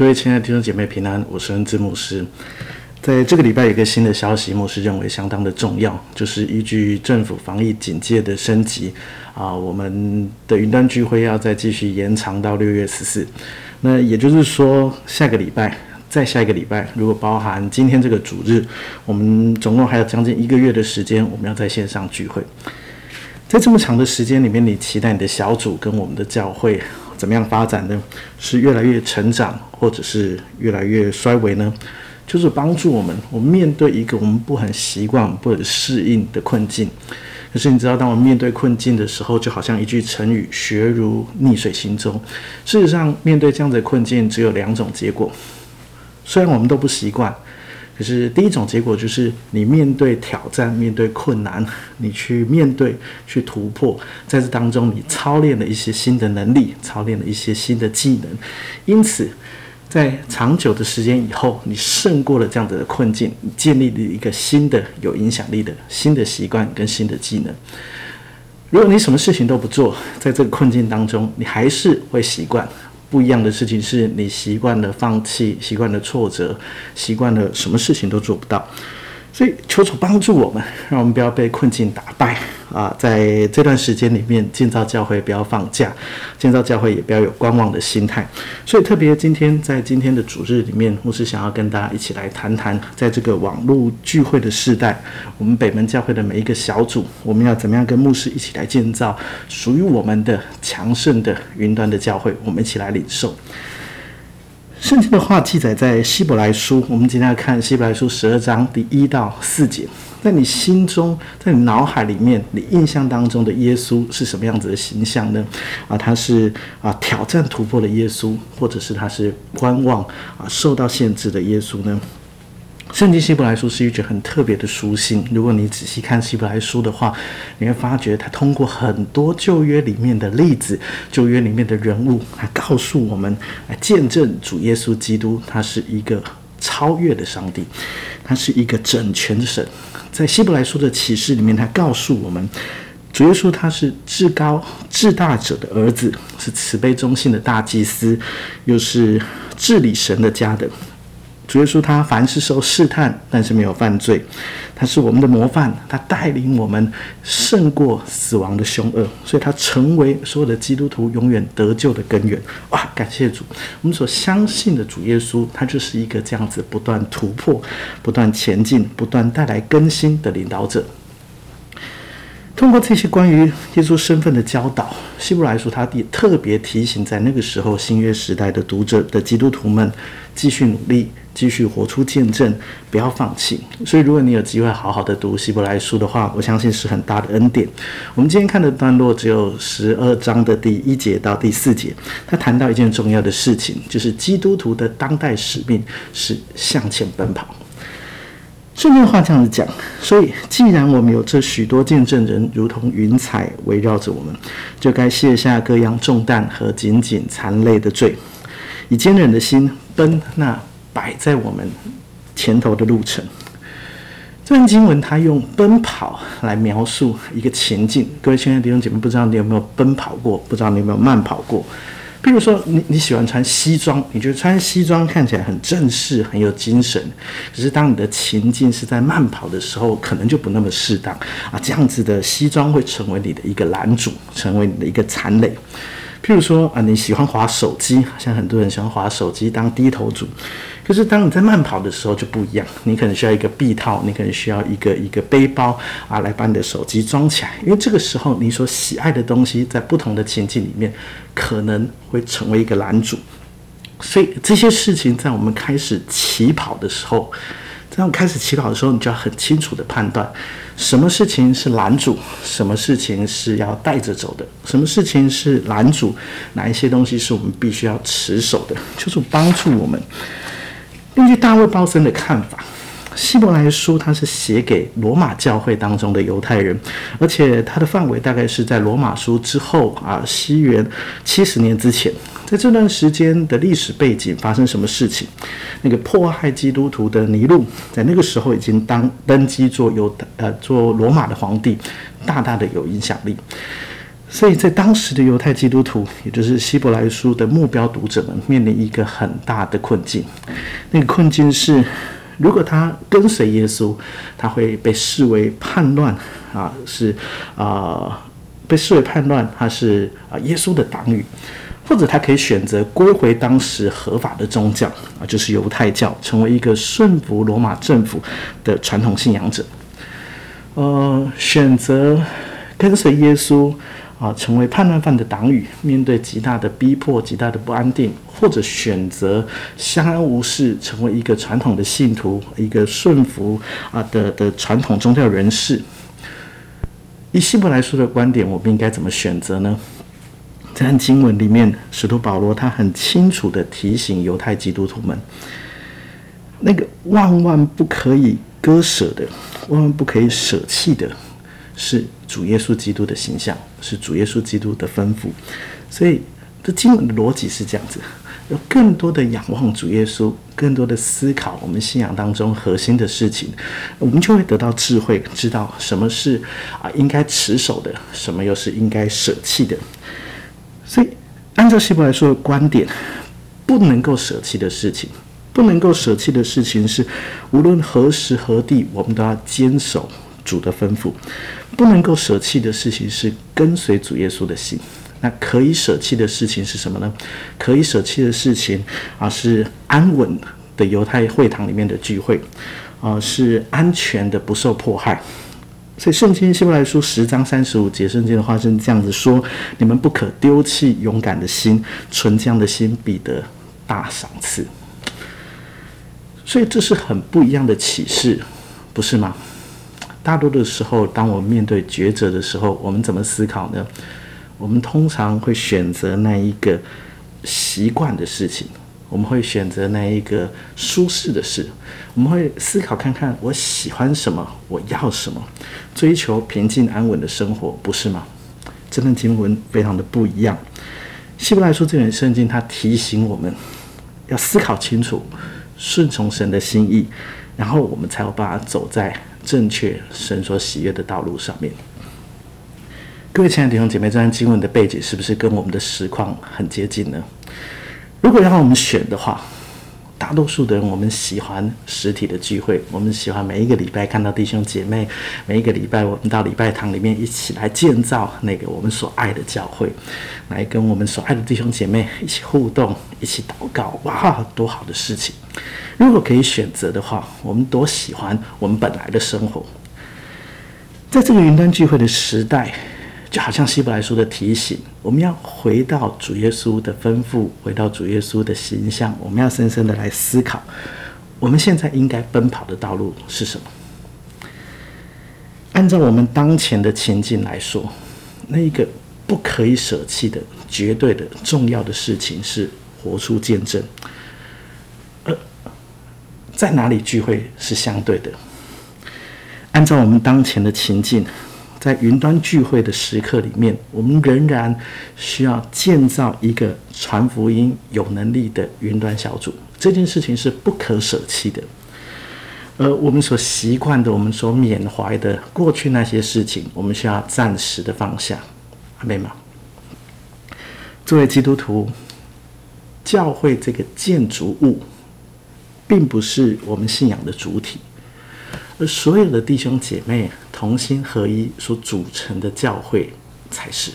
各位親愛的聽眾姐妹平安，我是恩姿牧師。在這個禮拜有一個新的消息，牧師認為相當的重要，就是依據政府防疫警戒的升級，啊，我們的雲端聚會要再繼續延長到六月十四。那也就是說，下個禮拜，再下一個禮拜，如果包含今天這個主日，我們總共還有將近一個月的時間，我們要在線上聚會。在這麼長的時間裡面，你期待你的小組跟我們的教會怎麼樣發展呢？是越來越成長，或者是越來越衰微呢？就是幫助我們，我們面對一個我們不很習慣、不很適應的困境。可是你知道，當我們面對困境的時候，就好像一句成語“學如逆水行舟”。事實上，面對這樣子的困境，只有兩種結果。雖然我們都不習慣。就是第一種結果，就是你面對挑戰，面對困難，你去面對，去突破，在這當中，你操練了一些新的能力，操練了一些新的技能。因此，在長久的時間以後，你勝過了這樣子的困境，你建立了一個新的有影響力的新的習慣跟新的技能。如果你什麼事情都不做，在這個困境當中，你還是會習慣。不一樣的事情是，你習慣了放棄，習慣了挫折，習慣了什麼事情都做不到。所以，求主幫助我們，讓我們不要被困境打敗啊！在這段時間裡面，建造教會不要放假，建造教會也不要有觀望的心態。所以，特別今天在今天的主日裡面，牧師想要跟大家一起來談談，在這個網絡聚會的時代，我們北門教會的每一個小組，我們要怎麼樣跟牧師一起來建造屬於我們的強盛的雲端的教會？我們一起來領受。聖經的話記載在希伯來書，我們今天要看希伯來書十二章第一到四節。在你心中，在你腦海裡面，你印象當中的耶穌是什麼樣子的形象呢？啊，他是啊挑戰突破的耶穌，或者是他是觀望啊受到限制的耶穌呢？聖經希伯來書是一卷很特別的書信。如果你仔細看希伯來書的話，你會發覺他通過很多舊約裡面的例子、舊約裡面的人物，來告訴我們、來見證主耶穌基督，他是一個超越的上帝，他是一個整全的神。在希伯來書的啟示裡面，他告訴我們，主耶穌他是至高至大者的兒子，是慈悲忠信的大祭司，又是治理神的家的。主耶穌，他凡事受試探，但是沒有犯罪，他是我們的模範，他帶領我們勝過死亡的凶惡，所以他成為所有的基督徒永遠得救的根源。哇，感謝主，我們所相信的主耶穌，他就是一個這樣子不斷突破、不斷前進、不斷帶來更新的領導者。通過這些關於耶穌身份的教導，《希伯來書》他也特別提醒，在那個時候新約時代的讀者的基督徒們，繼續努力，繼續活出見證，不要放棄。所以，如果你有機會好好的讀《希伯來書》的話，我相信是很大的恩典。我們今天看的段落只有十二章的第一節到第四節，他談到一件重要的事情，就是基督徒的當代使命是向前奔跑。順便話這樣子講，所以既然我們有這許多見證人，如同雲彩圍繞着我們，就該卸下各樣重擔和緊緊纏累的罪，以堅忍的心奔那擺在我們前頭的路程。這篇經文它用奔跑來描述一個前進。各位親愛的弟兄姐妹，不知道你有沒有奔跑過？不知道你有沒有慢跑過？比如說你，你你喜歡穿西裝，你覺得穿西裝看起來很正式、很有精神。可是，當你的情境是在慢跑的時候，可能就不那麼適當啊。這樣子的西裝會成為你的一個攔阻，成為你的一個纏累。譬如說啊，你喜歡滑手機，好像很多人喜歡滑手機當低頭族。可是當你在慢跑的時候就不一樣，你可能需要一個臂套，你可能需要一個一個背包啊，來把你的手機裝起來。因為這個時候你所喜愛的東西，在不同的情境裡面，可能會成為一個攔阻。所以這些事情在我們開始起跑的時候，這樣開始起跑的時候，你就要很清楚地判斷，什麼事情是攔阻，什麼事情是要帶着走的，什麼事情是攔阻，哪一些東西是我們必須要持守的，就是幫助我們。根據大衛鮑森的看法，《希伯來書》它是寫給羅馬教會當中的猶太人，而且它的範圍大概是在羅馬書之後啊，西元七十年之前。在這段時間的歷史背景發生什麼事情？那個迫害基督徒的尼祿，在那個時候已經當登基做猶太，呃，做羅馬的皇帝，大大的有影響力。所以在當時的猶太基督徒，也就是《希伯來書》的目標讀者們，面臨一個很大的困境。那個困境是，如果他跟隨耶穌，他會被視為叛亂啊，是啊、呃，被視為叛亂，他是啊耶穌的黨羽。或者他可以選擇歸回當時合法的宗教啊，就是猶太教，成為一個順服羅馬政府的傳統信仰者。呃，選擇跟隨耶穌啊、呃，成為叛亂犯的黨羽，面對極大的逼迫、極大的不安定；或者選擇相安無事，成為一個傳統的信徒，一個順服啊、呃、的的傳統宗教人士。以希伯來書的觀點，我們應該怎麼選擇呢？但經文裡面，使徒保羅他很清楚的提醒猶太基督徒們，那個萬萬不可以割捨的、萬萬不可以捨棄的是主耶穌基督的形象，是主耶穌基督的吩咐。所以，這經文的邏輯是這樣子：有更多的仰望主耶穌，更多的思考我們信仰當中核心的事情，我們就會得到智慧，知道什麼是啊應該持守的，什麼又是應該捨棄的。按照希伯來書的觀點，不能夠捨棄的事情，不能夠捨棄的事情是，無論何時何地，我們都要堅守主的吩咐；不能夠捨棄的事情是跟隨主耶穌的心。那可以捨棄的事情是什麼呢？可以捨棄的事情啊，是安穩的猶太會堂裡面的聚會，啊，是安全的不受迫害。所以，《聖經·希伯來書》十章三十五節，《聖經》的話是這樣子說：“你們不可丟棄勇敢的心，存這樣的心，必得大賞賜。”所以，這是很不一樣的啟示，不是嗎？大多的時候，當我們面對抉擇的時候，我們怎麼思考呢？我們通常會選擇那一個習慣的事情。我們會選擇那一個舒適的事，我們會思考看看我喜歡什麼，我要什麼，追求平靜安穩的生活，不是嗎？這段經文非常的不一樣。希伯來書這本聖經，它提醒我們要思考清楚，順從神的心意，然後我們才有辦法走在正確神所喜悅的道路上面。各位親愛的弟兄姐妹，這段經文的背景是不是跟我們的實況很接近呢？如果要讓我們選的話，大多數的人，我們喜歡實體的聚會，我們喜歡每一個禮拜看到弟兄姐妹，每一個禮拜我們到禮拜堂裡面一起來建造那個我們所愛的教會，來跟我們所愛的弟兄姐妹一起互動，一起禱告，哇，多好的事情！如果可以選擇的話，我們多喜歡我們本來的生活。在這個雲端聚會的時代。就好像希伯來書的提醒，我們要回到主耶穌的吩咐，回到主耶穌的形象，我們要深深的來思考，我們現在應該奔跑的道路是什麼？按照我們當前的情境來說，那一個不可以捨棄的、絕對的、重要的事情是活出見證。呃，在哪裡聚會是相對的，按照我們當前的情境。在雲端聚會的時刻裡面，我們仍然需要建造一個傳福音有能力的雲端小組。這件事情是不可捨棄的。而我們所習慣的，我們所緬懷的過去那些事情，我們需要暫時的放下。阿門嗎？作為基督徒，教會這個建築物，並不是我們信仰的主體。而所有的弟兄姐妹，同心合一所組成的教會才是。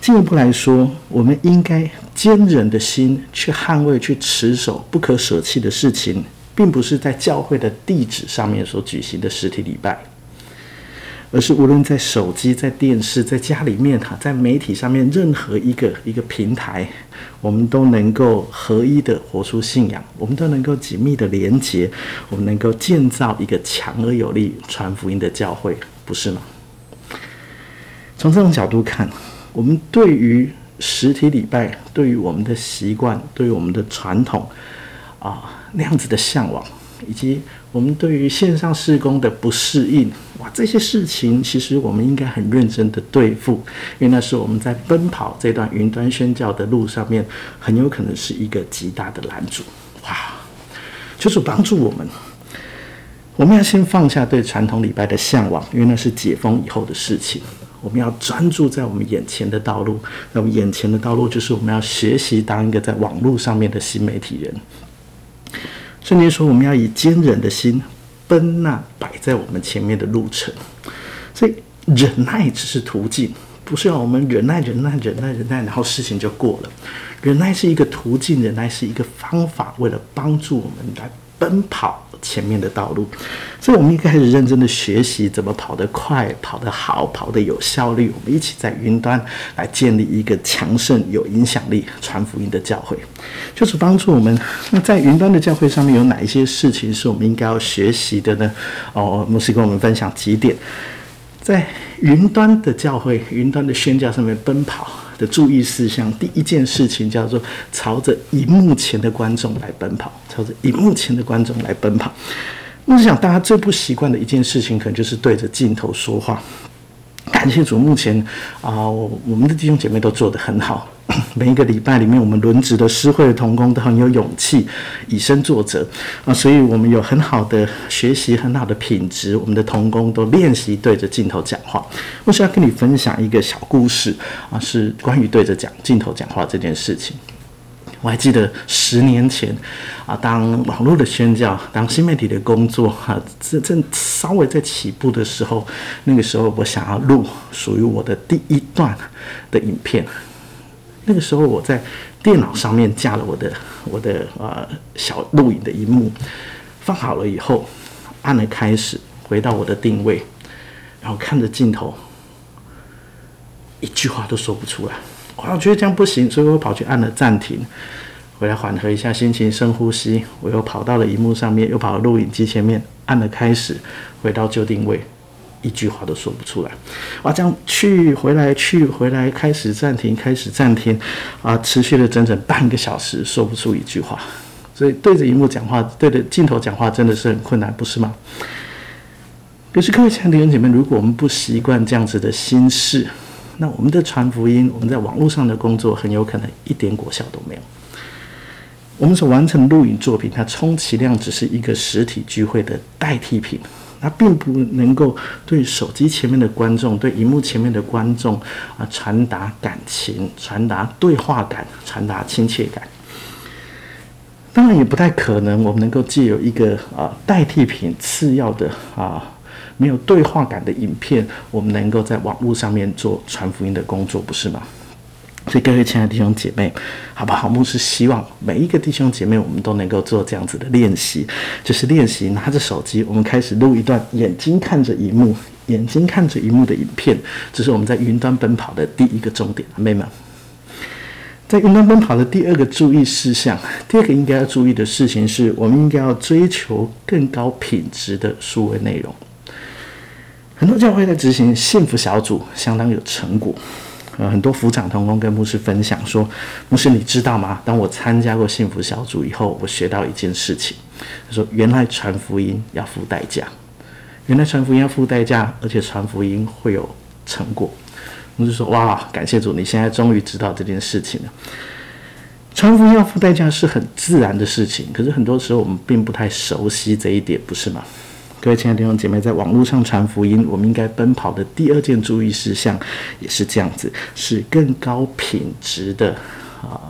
進一步來說，我們應該堅忍的心去捍衛、去持守不可舍棄的事情，並不是在教會的地址上面所舉行的實體禮拜。而是無論在手機、在電視、在家裡面哈，在媒體上面任何一個一個平台，我們都能夠合一的活出信仰，我們都能夠緊密的連接，我們能夠建造一個強而有力傳福音的教會，不是嗎？從這種角度看，我們對於實體禮拜、對於我們的習慣、對於我們的傳統啊，那樣子的向往，以及我們對於線上事工的不適應。哇，這些事情，其實我們應該很認真的對付，因為那是我們在奔跑這段雲端宣教的路上面，很有可能是一個極大的攔阻。哇，求主幫助我們！我們要先放下對傳統禮拜的嚮往，因為那是解封以後的事情。我們要專注在我們眼前的道路，那我們眼前的道路就是我們要學習當一個在網絡上面的新媒體人。聖經說，我們要以堅忍的心，奔那，擺在我們前面的路程，所以忍耐只是途徑，不是讓我們忍耐、忍耐、忍耐、忍耐，然後事情就過了。忍耐是一個途徑，忍耐是一個方法，為了幫助我們來。奔跑前面的道路，所以我們應該開始認真的學習怎麼跑得快、跑得好、跑得有效率。我們一起在雲端來建立一個強盛、有影響力、傳福音的教會，就是幫助我們。那在雲端的教會上面有哪一些事情是我們應該要學習的呢？哦，牧師跟我們分享幾點，在雲端的教會、雲端的宣教上面奔跑的注意事項，第一件事情叫做朝着熒幕前的觀眾來奔跑，朝着熒幕前的觀眾來奔跑。我想大家最不習慣的一件事情，可能就是對着鏡頭說話。感謝主，目前啊、呃，我們的弟兄姐妹都做得很好。每一個禮拜裡面，我們輪值的司會的同工都很有勇氣，以身作則啊、呃，所以我們有很好的學習，很好的品質。我們的同工都練習對着鏡頭講話。我想要跟你分享一個小故事啊、呃，是關於對着講鏡頭講話這件事情。我還記得十年前，啊，當網絡的宣教，當新媒體的工作，哈、啊，正正稍微在起步的時候，那個時候我想要錄屬於我的第一段的影片，那個時候我在電腦上面架了我的我的啊小錄影的螢幕，放好了以後，按了開始，回到我的定位，然後看着鏡頭，一句話都說不出來。啊，我覺得這樣不行，所以我跑去按了暫停，回來緩和一下心情，深呼吸。我又跑到了熒幕上面，又跑到錄影機前面，按了開始，回到就定位，一句話都說不出來。啊，這樣去回來去回來，開始暫停，開始暫停，啊，持續了整整半個小時，說不出一句話。所以對着熒幕講話，對着鏡頭講話，真的是很困難，不是嗎？可是各位親愛的弟兄姐妹，如果我們不習慣這樣子的心事，那我們的傳福音，我們在網絡上的工作，很有可能一點果效都沒有。我們所完成的錄影作品，它充其量只是一個實體聚會的代替品，它並不能夠對手機前面的觀眾，對熒幕前面的觀眾啊傳達感情，傳達對話感，傳達親切感。當然也不太可能，我們能夠借由一個啊代替品次要的啊。沒有對話感的影片，我們能夠在網絡上面做傳福音的工作，不是嗎？所以各位親愛的弟兄姐妹，好不好？牧師希望每一個弟兄姐妹，我們都能夠做這樣子的練習，就是練習拿着手機，我們開始錄一段，眼睛看着熒幕，眼睛看着熒幕的影片。這是我們在雲端奔跑的第一個重點，妹們，在雲端奔跑的第二個注意事項，第二個應該要注意的事情是，我們應該要追求更高品質的數位內容。很多教會在執行幸福小組相當有成果，呃，很多福長同工跟牧師分享說：“牧師，你知道嗎？當我參加過幸福小組以後，我學到一件事情。他說：原來傳福音要付代價，原來傳福音要付代價，而且傳福音會有成果。牧師說：哇，感謝主，你現在終於知道這件事情了。傳福音要付代價是很自然的事情，可是很多時候我們並不太熟悉這一點，不是嗎？”各位親愛的弟兄姐妹，在網絡上傳福音，我們應該奔跑的第二件注意事項，也是這樣子，是更高品質的啊、呃，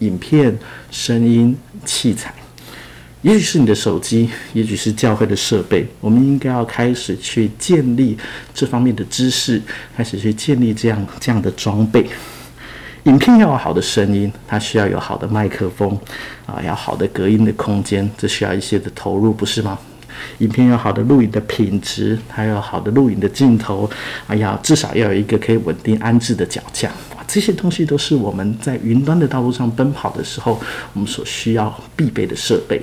影片、聲音、器材，也許是你的手機，也許是教會的設備，我們應該要開始去建立這方面的知識，開始去建立這樣這樣的裝備。影片要有好的聲音，它需要有好的麥克風，啊、呃，要好的隔音的空間，這需要一些的投入，不是嗎？影片有好的錄影的品質，還有好的錄影的鏡頭，哎呀，至少要有一個可以穩定安置的腳架。哇，這些東西都是我們在雲端的道路上奔跑的時候，我們所需要必備的設備。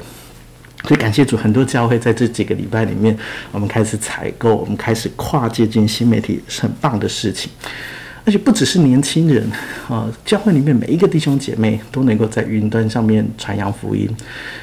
所以感謝主，很多教會在這幾個禮拜裡面，我們開始採購，我們開始跨界進新媒體，是很棒的事情。而且不只是年輕人啊，教會裡面每一個弟兄姐妹都能夠在雲端上面傳揚福音。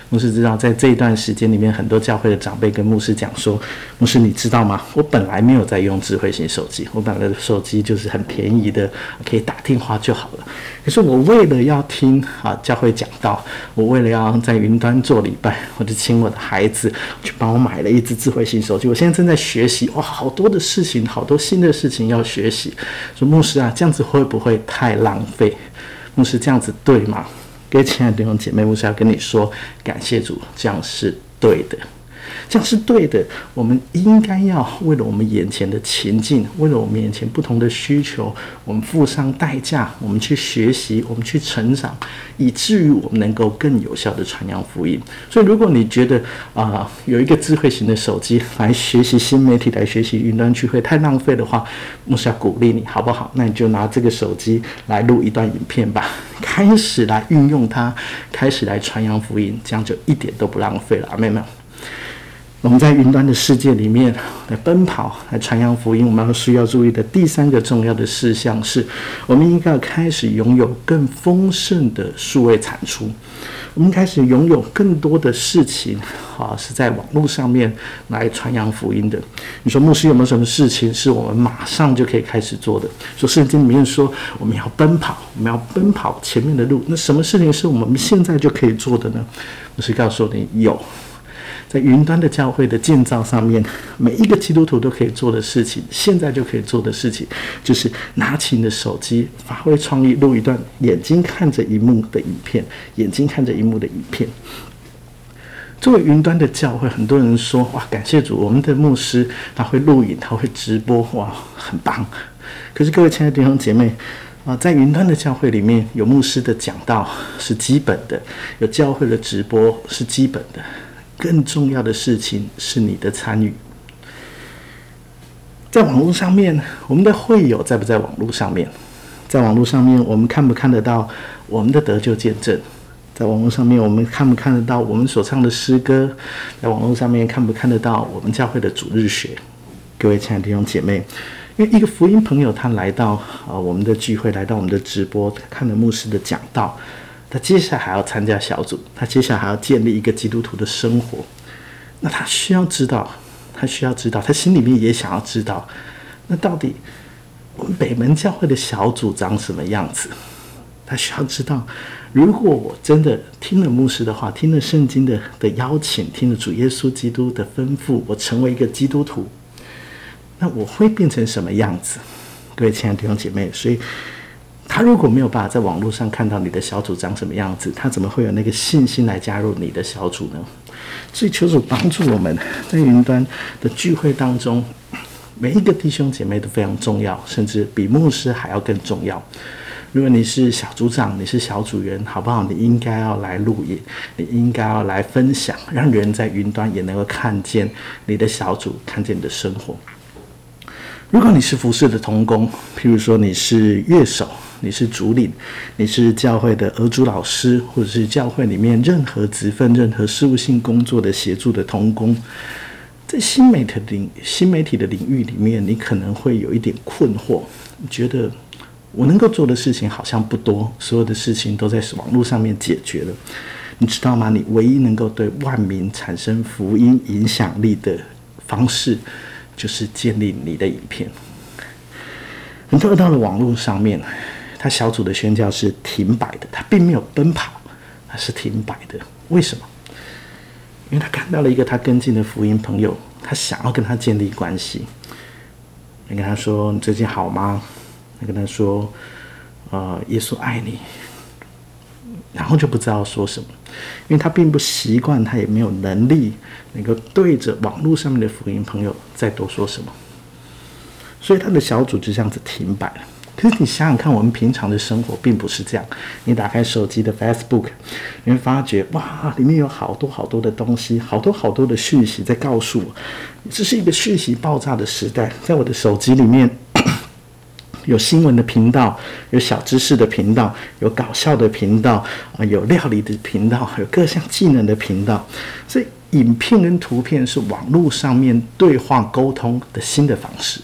牧師知道，在這一段時間裡面，很多教會的長輩跟牧師講說：“牧師，你知道嗎？我本來沒有在用智慧型手機，我本來的手機就是很便宜的，可以打電話就好了。可是我為了要聽啊教會講道，我為了要在雲端做禮拜，我就請我的孩子去幫我買了一支智慧型手機。我現在正在學習哇、哦，好多的事情，好多新的事情要學習。”說牧師。是啊，這樣子會不會太浪費？牧師這樣子對嗎？各位親愛的弟兄姐妹，牧師要跟你說，感謝主，這樣是對的。這樣是對的。我們應該要為了我們眼前的情境，為了我們眼前不同的需求，我們付上代價，我們去學習，我們去成長，以至於我們能夠更有效地傳揚福音。所以，如果你覺得啊、呃，有一個智慧型的手機來學習新媒體，來學習雲端聚會太浪費的話，我是要鼓勵你，好不好？那你就拿這個手機來錄一段影片吧，開始來運用它，開始來傳揚福音，這樣就一點都不浪費了啊，妹妹。我們在雲端的世界裡面來奔跑，來傳揚福音。我們要需要注意的第三個重要的事項是，我們應該要開始擁有更豐盛的數位產出。我們開始擁有更多的事情啊，是在網絡上面來傳揚福音的。你說，牧師有沒有什麼事情是我們馬上就可以開始做的？說聖經裡面說，我們要奔跑，我們要奔跑前面的路。那什麼事情是我們現在就可以做的呢？牧師告訴你有。在雲端的教會的建造上面，每一個基督徒都可以做的事情，現在就可以做的事情，就是拿起你的手機，發揮創意，錄一段眼睛看着屏幕的影片，眼睛看着屏幕的影片。作為雲端的教會，很多人說哇，感謝主，我們的牧師他會錄影，他會直播，哇，很棒。可是各位親愛的弟兄姐妹啊，在雲端的教會裡面，有牧師的講道是基本的，有教會的直播是基本的。更重要的事情是你的參與，在網絡上面，我們的會友在不在網絡上面？在網絡上面，我們看不看得到我們的得救見證？在網絡上面，我們看不看得到我們所唱的詩歌？在網絡上面，看不看得到我們教會的主日學？各位親愛的弟兄姐妹，因為一個福音朋友他來到啊、呃、我們的聚會，來到我們的直播，看了牧師的講道。他接下來還要參加小組，他接下來還要建立一個基督徒的生活。那他需要知道，他需要知道，他心裡面也想要知道，那到底我們北門教會的小組長什麼樣子？他需要知道，如果我真的聽了牧師的話，聽了聖經的的邀請，聽了主耶穌基督的吩咐，我成為一個基督徒，那我會變成什麼樣子？各位親愛的弟兄姐妹，所以。他如果沒有辦法在網絡上看到你的小組長什麼樣子，他怎麼會有那個信心來加入你的小組呢？所以求主幫助我們，在雲端的聚會當中，每一個弟兄姐妹都非常重要，甚至比牧師還要更重要。如果你是小組長，你是小組員，好不好？你應該要來錄影，你應該要來分享，讓人在雲端也能夠看見你的小組，看見你的生活。如果你是服事的同工，譬如說你是樂手。你是主領，你是教會的兒主老師，或者是教會裡面任何職分、任何事務性工作的協助的同工，在新媒體領、新媒體的領域裡面，你可能會有一點困惑，你覺得我能夠做的事情好像不多，所有的事情都在網絡上面解決了，你知道嗎？你唯一能夠對萬民產生福音影響力的方式，就是建立你的影片。你這個到了網絡上面。他小組的宣教是停擺的，他並沒有奔跑，他是停擺的。為什麼？因為他看到了一個他跟進的福音朋友，他想要跟他建立關係。你跟他說，你最近好嗎？你跟他說，呃，耶穌愛你。然後就不知道說什麼，因為他並不習慣，他也沒有能力能夠對着網絡上面的福音朋友再多說什麼，所以他的小組就這樣子停擺了。可是你想想看，我們平常的生活並不是這樣。你打開手機的 Facebook，你會發覺哇，裡面有好多好多的東西，好多好多的訊息在告訴我，這是一個訊息爆炸的時代。在我的手機裡面 有新聞的頻道，有小知識的頻道，有搞笑的頻道，啊，有料理的頻道，有各項技能的頻道。所以影片跟圖片是網絡上面對話溝通的新的方式。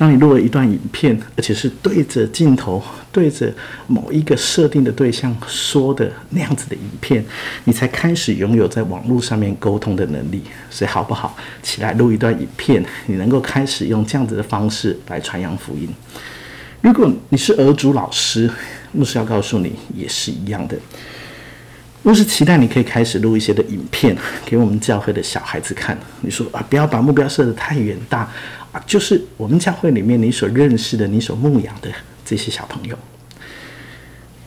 當你錄了一段影片，而且是對着鏡頭、對着某一個設定的對象說的那樣子的影片，你才開始擁有在網絡上面溝通的能力。所以好不好？起來錄一段影片，你能夠開始用這樣子的方式來傳揚福音。如果你是兒主老師，牧師要告訴你，也是一樣的。牧師期待你可以開始錄一些的影片，給我們教會的小孩子看。你說啊，不要把目標設得太遠大。就是我們教會裡面你所認識的、你所牧養的這些小朋友，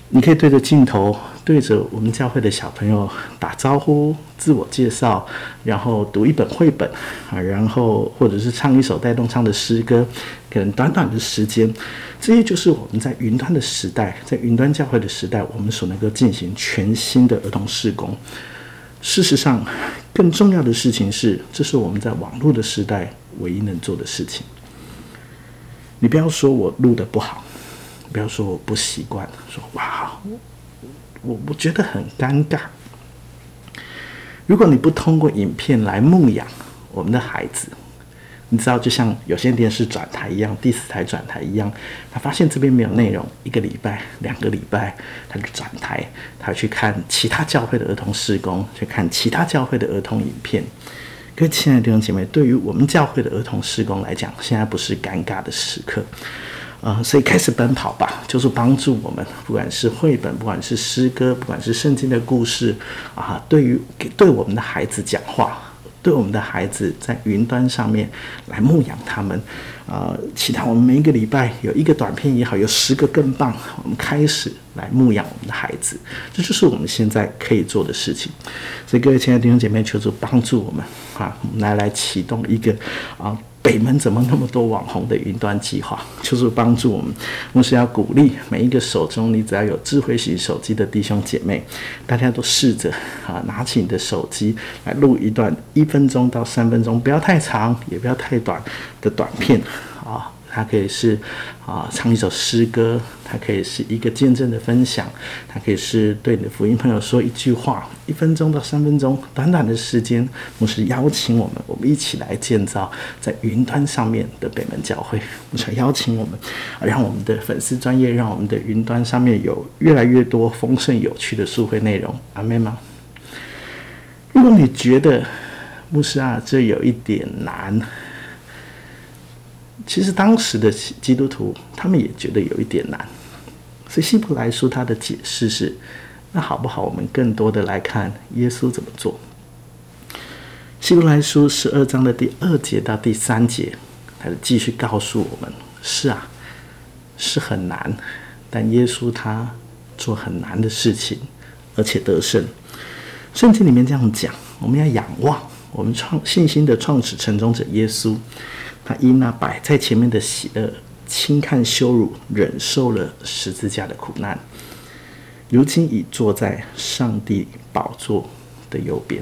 你可以對着鏡頭，對着我們教會的小朋友打招呼、自我介紹，然後讀一本繪本啊，然後或者是唱一首帶動唱的詩歌，可能短短的時間，這些就是我們在雲端的時代，在雲端教會的時代，我們所能夠進行全新的兒童事工。事實上。更重要的事情是，這是我們在網絡的時代唯一能做的事情。你不要說我錄的不好，不要說我不習慣，說哇，我我覺得很尷尬。如果你不通過影片來牧養我們的孩子。你知道，就像有線電視轉台一樣，第四台轉台一樣，他發現這邊沒有內容，一個禮拜、兩個禮拜，他就轉台，他去看其他教會的兒童事工，去看其他教會的兒童影片。各位親愛的弟兄姐妹，對於我們教會的兒童事工來講，現在不是尷尬的時刻，啊、呃，所以開始奔跑吧，就是幫助我們，不管是繪本，不管是詩歌，不管是聖經的故事，啊，對於對我們的孩子講話。對我們的孩子，在雲端上面來牧養他們，呃，期待我們每一個禮拜有一個短片也好，有十個更棒，我們開始來牧養我們的孩子，這就是我們現在可以做的事情。所以各位親愛的弟兄姐妹，求主幫助我們啊，我們來來啟動一個啊。北門怎麼那麼多網紅的雲端計劃，就是幫助我們，同時要鼓勵每一個手中你只要有智慧型手機的弟兄姐妹，大家都試着啊拿起你的手機來錄一段一分鐘到三分鐘，不要太長，也不要太短的短片。它可以是啊、呃，唱一首詩歌；它可以是一個見證的分享；它可以是對你的福音朋友說一句話，一分鐘到三分鐘，短短的時間。牧師邀請我們，我們一起來建造在雲端上面的北門教會。牧師邀請我們，讓我們的粉絲專頁，讓我們的雲端上面有越來越多豐盛有趣的聚會內容。阿們嗎？如果你覺得牧師啊，這有一點難。其實當時的基督徒，他們也覺得有一點難，所以希伯來書，他的解釋是：那好不好？我們更多的來看耶穌怎麼做。希伯來書十二章的第二節到第三節，還是繼續告訴我們：是啊，是很難，但耶穌他做很難的事情，而且得勝。聖經裡面這樣講，我們要仰望我們創信心的創始成終者耶穌。他因那、啊、擺在前面的喜樂，輕看羞辱，忍受了十字架的苦難，如今已坐在上帝寶座的右邊。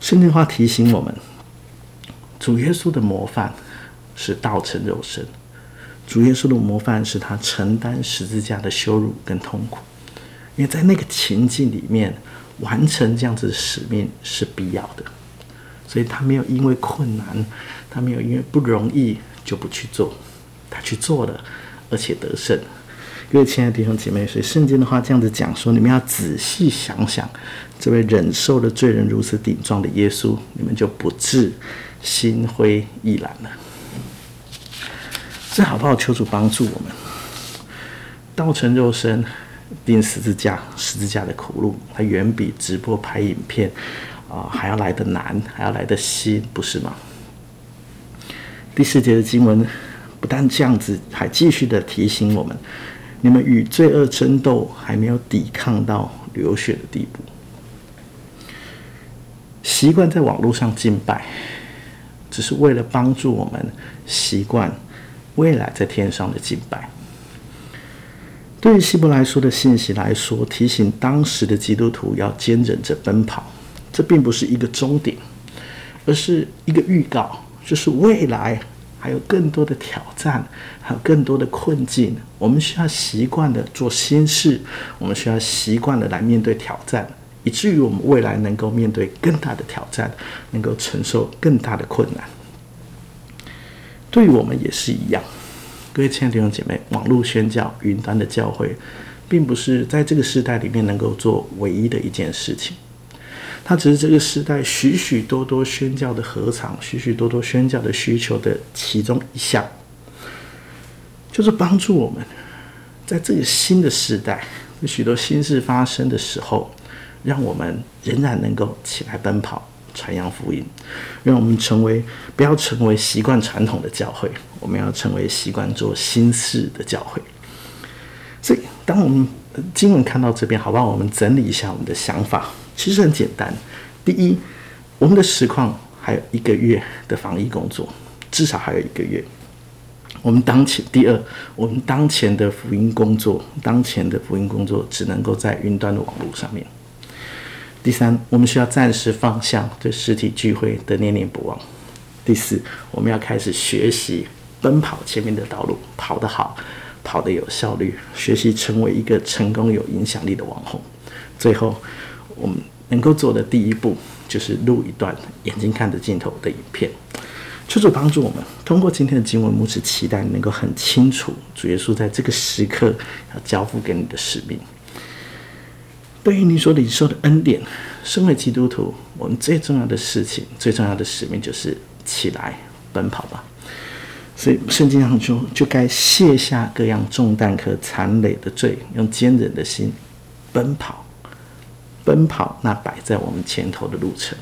聖經話提醒我們，主耶穌的模範是道成肉身，主耶穌的模範是他承擔十字架的羞辱跟痛苦，因為在那個情境裡面，完成這樣子的使命是必要的。所以他沒有因為困難，他沒有因為不容易就不去做，他去做了，而且得勝。各位親愛的弟兄姐妹，所以聖經的話這樣子講說，你們要仔細想想，這位忍受了罪人如此頂撞的耶穌，你們就不至心灰意懶了。這好不好？求主幫助我們，道成肉身，釘十字架，十字架的苦路，它遠比直播拍影片，啊、哦，還要來得難，還要來得稀，不是嗎？第四節的經文不但這樣子，還繼續的提醒我們：你們與罪惡爭鬥，還沒有抵抗到流血的地步。習慣在網絡上敬拜，只是為了幫助我們習慣未來在天上的敬拜。對於希伯來書的信息來說，提醒當時的基督徒要堅忍着奔跑。這並不是一個終點，而是一個預告，就是未來還有更多的挑戰，還有更多的困境。我們需要習慣的做新事，我們需要習慣的來面對挑戰，以至於我們未來能夠面對更大的挑戰，能夠承受更大的困難。對於我們也是一樣，各位親愛的弟兄姐妹，網絡宣教、雲端的教會，並不是在這個時代裡面能夠做唯一的一件事情。它只是這個時代許許多多宣教的禾場，許許多多宣教的需求的其中一項，就是幫助我們在這個新的時代有許多新事發生的時候，讓我們仍然能夠起來奔跑傳揚福音，讓我們成為不要成為習慣傳統的教會，我們要成為習慣做新事的教會。所以，當我們經文看到這邊，好吧，我們整理一下我們的想法。其實很簡單。第一，我們的實況還有一個月的防疫工作，至少還有一個月。我們當前，第二，我們當前的福音工作，當前的福音工作只能夠在雲端的網絡上面。第三，我們需要暫時放下對實體聚會的念念不忘。第四，我們要開始學習奔跑前面的道路，跑得好，跑得有效率，學習成為一個成功有影響力的網紅。最後。我們能夠做的第一步，就是錄一段眼睛看着鏡頭的影片，就是、幫助我們通過今天的經文，牧師期待你能夠很清楚，主耶穌在這個時刻要交付給你的使命。對於你所領受的恩典，身為基督徒，我們最重要的事情、最重要的使命，就是起來奔跑吧。所以聖經上說，就該卸下各樣重擔和殘累的罪，用堅忍的心奔跑。奔跑，那擺在我們前頭的路程。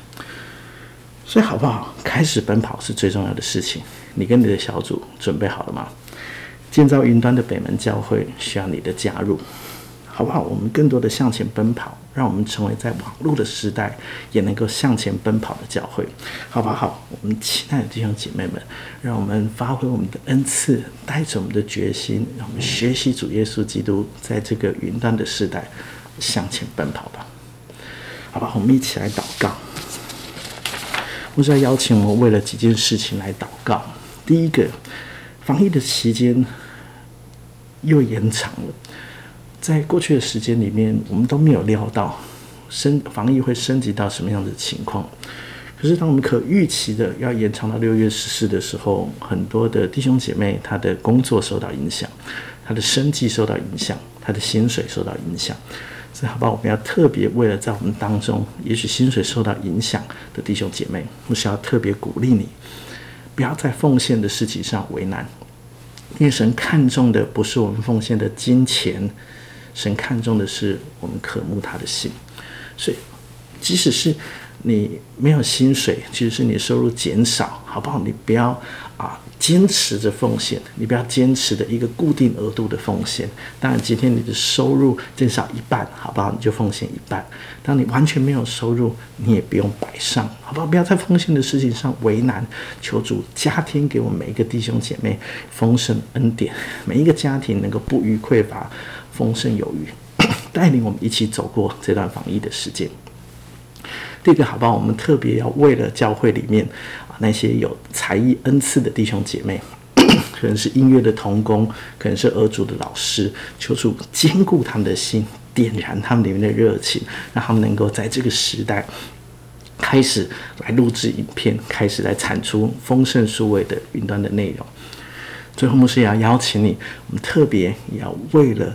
所以好不好？開始奔跑是最重要的事情。你跟你的小組準備好了嗎？建造雲端的北門教會需要你的加入，好不好？我們更多的向前奔跑，讓我們成為在網絡的時代也能夠向前奔跑的教會，好不好？我們期待的弟兄姐妹們，讓我們發揮我們的恩賜，帶着我們的決心，讓我們學習主耶穌基督在這個雲端的時代向前奔跑吧。好吧，我們一起來禱告。我是在邀請我們為了幾件事情來禱告。第一個，防疫的期間又延長了，在過去的時間裡面，我們都沒有料到升防疫會升級到什麼樣的情況。可是，當我們可預期的要延長到六月十四的時候，很多的弟兄姐妹他的工作受到影響，他的生計受到影響，他的薪水受到影響。所以，好不好？我們要特別為了在我們當中，也許薪水受到影響的弟兄姐妹，我需要特別鼓勵你，不要在奉獻的事情上為難，因為神看重的不是我們奉獻的金錢，神看重的是我們渴慕他的心。所以，即使是你沒有薪水，即使是你收入減少，好不好？你不要。堅持着奉獻，你不要堅持的一個固定額度的奉獻。當然，今天你的收入減少一半，好不好？你就奉獻一半。當你完全沒有收入，你也不用擺上，好不好？不要在奉獻的事情上為難。求主加添，給我們每一個弟兄姐妹豐盛恩典，每一個家庭能夠不虞匱乏，豐盛有餘， 帶領我們一起走過這段防疫的時間。這個，好不好？我們特別要為了教會裡面。那些有才藝恩賜的弟兄姐妹， 可能是音樂的同工，可能是兒主的老師，求主堅固他們的心，點燃他們裡面的熱情，讓他們能夠在這個時代開始來錄製影片，開始來產出豐盛數位的雲端的內容。最後，牧師也要邀請你，我們特別也要為了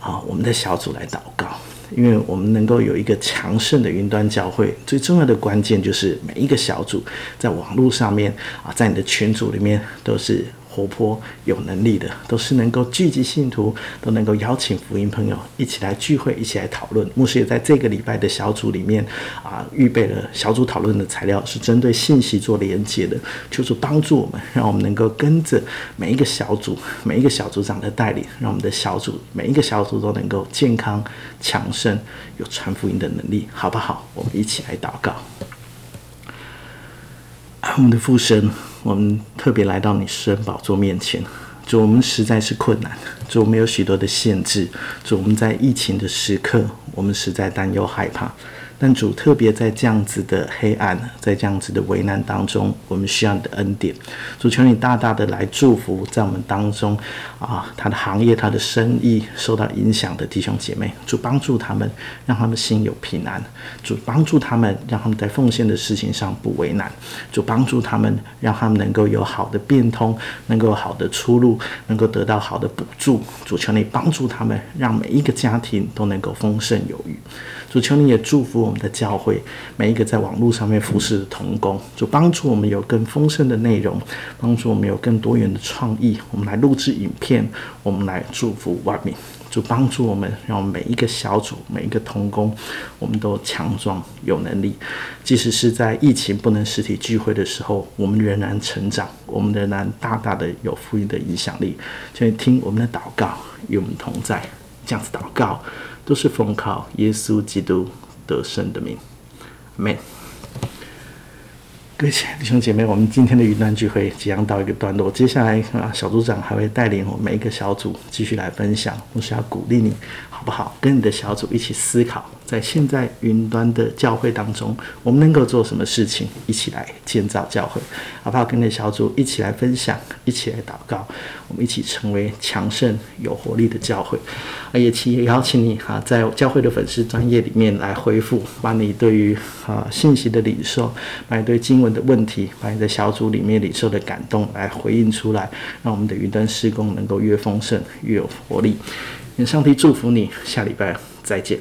啊、哦、我們的小組來禱告。因為我們能夠有一個強盛的雲端教會，最重要的關鍵就是每一個小組在網絡上面啊，在你的群組裡面都是。活潑、有能力的，都是能夠聚集信徒，都能夠邀請福音朋友一起來聚會，一起來討論。牧師也在這個禮拜的小組裡面啊，預備了小組討論的材料，是針對信息做連接的，就是幫助我們，讓我們能夠跟着每一個小組、每一個小組長的帶領，讓我們的小組每一個小組都能夠健康、強盛、有傳福音的能力，好不好？我們一起來禱告。我們的父神，我們特別來到你施恩寶座面前，就我們實在是困難，就我們有許多的限制，就我們在疫情的時刻，我們實在擔憂害怕。但主特別在這樣子的黑暗，在這樣子的危難當中，我們需要你的恩典。主求你大大的來祝福在我們當中，啊，他的行業、他的生意受到影響的弟兄姐妹，主幫助他們，讓他們心有平安；主幫助他們，讓他們在奉獻的事情上不為難；主幫助他們，讓他們能夠有好的變通，能夠好的出路，能夠得到好的補助。主求你幫助他們，讓每一個家庭都能夠豐盛有餘。主求你也祝福。的教會每一個在網絡上面服侍的同工，就幫助我們有更豐盛的內容，幫助我們有更多元的創意。我們來錄製影片，我們來祝福萬民，就幫助我們，讓我們每一個小組、每一個同工，我們都強壯有能力。即使是在疫情不能實體聚會的時候，我們仍然成長，我們仍然大大的有福音的影響力。現在聽我們的禱告，與我們同在，這樣子禱告都是奉靠耶穌基督得勝的名，阿們。各位弟兄姐妹，我們今天的雲端聚會即將到一個段落。接下來啊，小組長還會帶領我們每一個小組繼續來分享。我想要鼓勵你，好不好？跟你的小組一起思考。在現在雲端的教會當中，我們能夠做什麼事情？一起來建造教會，好不好？跟那小組一起來分享，一起來禱告，我們一起成為強盛有活力的教會。而也請也邀請你哈，在教會的粉絲專頁裡面來回復，把你對於、啊、信息的領受，把你對經文的問題，把你在小組裡面領受的感動來回應出來，讓我們的雲端事工能夠越豐盛越有活力。願上帝祝福你，下禮拜再見。